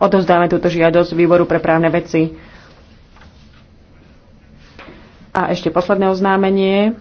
odozdáme túto žiadosť výboru pre právne veci. A ešte posledné oznámenie.